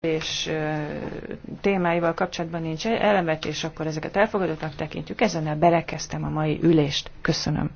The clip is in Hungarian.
és témáival kapcsolatban nincs elemetés, akkor ezeket elfogadottak tekintjük. Ezennel belekezdtem a mai ülést. Köszönöm.